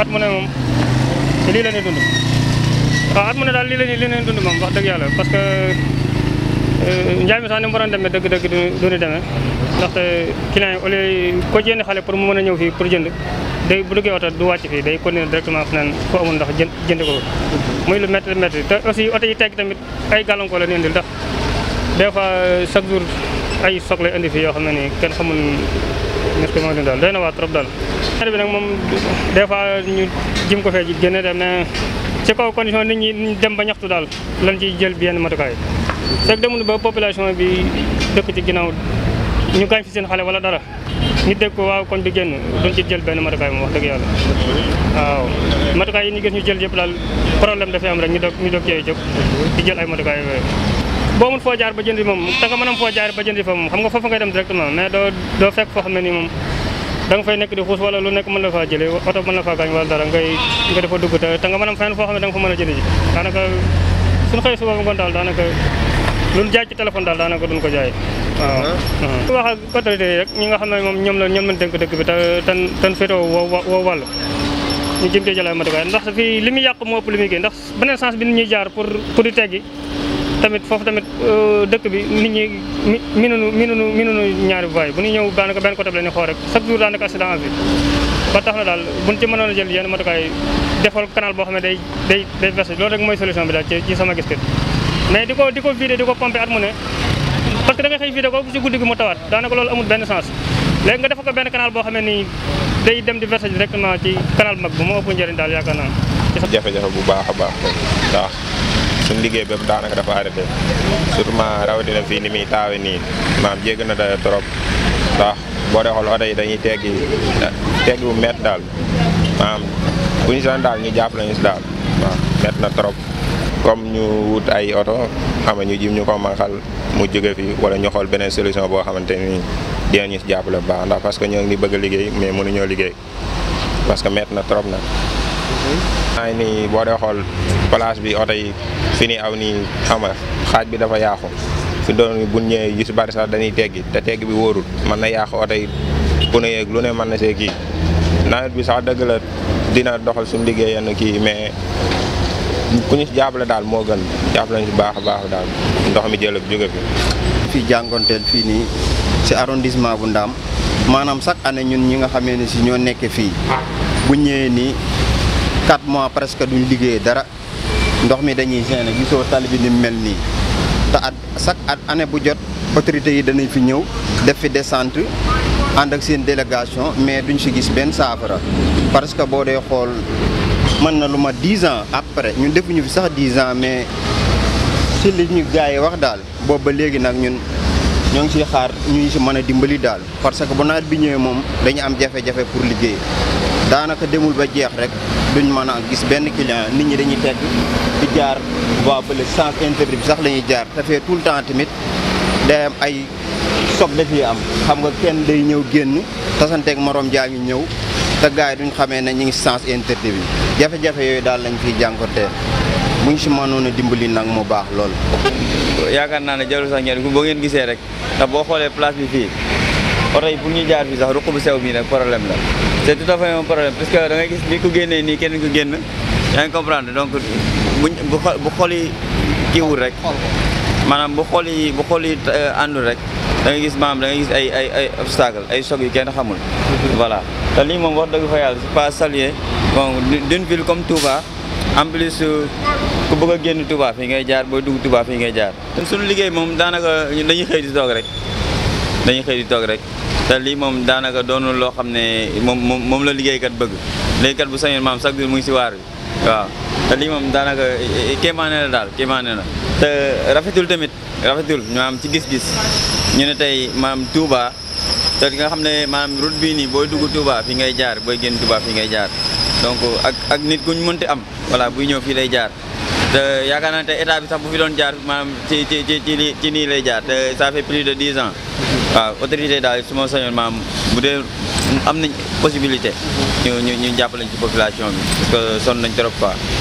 at mu ne moom lii la ñuy dund waaw at mu ne daal lii la ñuy lii la ñuy dund moom wax dëgg yàlla parce que euh, njaay mi sax ni mu waroon demee dëgg-dëgg du du ñu demee ndaxte client yi ko jënd xale pour mu mën a ñëw fii pour jënd day bu duggee oto du wàcc fii day continuer directement feneen fu amul ndax jë jënd ko muy lu métti métti te aussi oto yi teg tamit ay gàllankoor la ñu indil ndax des fois euh, chaque jour ay soxla indi fii yoo xam ne nii kenn xamul daal doy na affaire bi nag moom des fois ñu jim ko fee ji génne dem na ci kaw condition nit ñi dem ba ñaxtu daal lan ciy jël bi yenn matukaay fekk demul ba population bi dëkk ci ginnaaw ñu gaañ fi seen xale wala dara ñu dégg ko waaw kon bi génn duñ ci jël benn matukaay moom wax dëgg yàlla waaw matukaay yi ñu gis ñu jël yëpp daal problème dafay am rek ñu doog ñu doog cee jóg di jël ay matukaay yooyu boo mun foo jaar ba jëndi moom te nga mën foo jaar ba jëndi fa moom xam nga foofu ngay dem directement mais doo fekk foo xam ne moom da fay nekk di xuus wala lu nekk mën la faa oto mën la gaañ wala dara ngay nga dafa dugg te nga mën am feneen foo xam ne da nga fa mën a jëlee ji daanaka suñu xëy suba ngoon daal daanaka luñ jaay ci téléphone daal daanaka duñ ko jaay ah. waaw wax ak autorité yi rek ñi nga xam ne moom ñoom la ñoom lañ dénk dëkk bi te tan tan féetoo woo wàll ñu jëm cee jëlee matukaay ndax fii li muy yàq moo ëpp li muy génn ndax beneen sens bi nit ñuy jaar pour di teggi tamit foofu tamit euh, dëkk bi nit ñi minunu minunu minunu ñaari voies bu ñu ñëw daanaka benn côté bi la ñu xool rek chaque jour daanaka accident am fi ba tax na daal buñ ci mënoon jël yenn matukaay defal canal boo xam ne day day day verser loolu bi daal ci ci sama gis-gis mais di ko di ko vider di ko pomper at mu ne parce que da nga xëy vider ko si guddi gi mu tawaat daanaka loolu amul benn xam ne nii day dem di verser directement ci canal mag bi moo ëpp njariñ daal yaakaar naa. jafe-jafe bu baax a baax ndax. suñu liggéey bépp daanaka dafa arrêté surtout ma rawatina fii ni muy taawe nii maam jégg na dara trop ndax boo dee xool oto yi dañuy teggi teggi bu métti daal maam bu ñu sax daal ñu jàpp lañu si daal waaw na trop comme ñu wut ay oto xama ñu jim ñu ko manxal mu jóge fi wala ñu xool beneen solution boo xamante ni dinañu si jàppale bu baax ndax parce que ñoo ngi bëgg a liggéey mais mënuñoo liggéey parce que métti na trop nag. Mhm. maa nii boo dee xool place bi oto yi fi ni aw nii xam nga xaaj bi dafa yaaxu fi doon bu ñëwee yu si bari sax dañuy teggi te tegg bi wóorul mën na yaaxu oto yi bu ne yeeg lu ne mën na see kii nawet bi sax dëgg la dina doxal suñu liggéey yenn kii mais ku ñu si jàppale daal moo gën jàppale ñu si baax a baax daal ndox mi jëlëb jóge fi fii jàngonteel fii nii si arrondissement bu Ndaam maanaam chaque année ñun ñi nga xamee ne si ñoo nekkee fii bu ñëwee nii 4 mois presque duñ liggéey dara ndox mi dañuy gêné gisoo tali bi ni mel nii te at chaque at année bu jot autorités yi danañ fi ñëw def fi descente ànd ak seen délégation mais duñ si gis benn saafara parce que boo dee xool mën na lu ma dix ans après ñun defuñu fi sax dix ans mais si li ñu gars yi wax daal boobu ba léegi nag ñun ñoo ngi siy xaar ñu ngi si mën a dimbali daal parce que bu nawet bi ñëwee moom dañu am jafe-jafe pour liggéey. daanaka demul ba jeex rek duñ mën a gis benn client nit ñi dañuy tekk di jaar waa bële sens interdit bi sax la ñuy jaar te fee tout le temps tamit day am ay sob daf yi am xam nga kenn day ñëw génn tasanteeg morom jaa ngi ñëw te gars yi duñ xamee ne ñu ngi sens interdit bi jafe-jafe yooyu daal lañ fiy jànkonteel muñ si mënoon a dimbali nag mu baax lool. yaakaar naa ne jarul sax ngeen boo ngeen gisee rek ndax boo xoolee place bi fii oto yi pour ñu jaar fii sax ruq bu sew bii nag problème la. c'est tout à fait un problème parce que da ngay gis ni ku génnee nii kenn ku génn yaa ngi comprendre donc buñ bu bu xool yi kiiwul rek. maanaam bu xool yi bu xool yi euh, àndul rek dangay gis maanaam da ngay gis ay ay ay obstacle ay choc yu kenn xamul. voilà te lii moom wax dëgg fa yàlla c'est pas salué bon d'une ville comme Touba en plus euh, ku bëgg a génn Touba fii ngay jaar booy dugg Touba fii ngay jaar. suñu liggéey moom daanaka dañuy xëy di toog rek dañuy xëy di toog rek. te lii moom daanaka doonul loo xam ne moom moom moom la liggéeykat bëgg liggéeykat bu sañoon maam chaque jour mu ngi si waar bi waaw te lii moom daanaka kéemaane la daal kéemaane la te rafetul tamit rafetul ñu am ci gis-gis ñu ne tey maam Touba te li nga xam ne maanaam route bii nii booy dugg Touba fi ngay jaar booy génn Touba fi ngay jaar donc ak ak nit ku ñu mënti am voilà buy ñëw fii lay jaar te yaakaar naa te état bi sax bu fi doon jaar maam ci ci nii lay jaar te ça fait plus de dix ans waaw autorité daal su ma maam bu dee am nañ possibilité ñu ñu ñu jàppale ci population bi parce que sonn nañ trop pa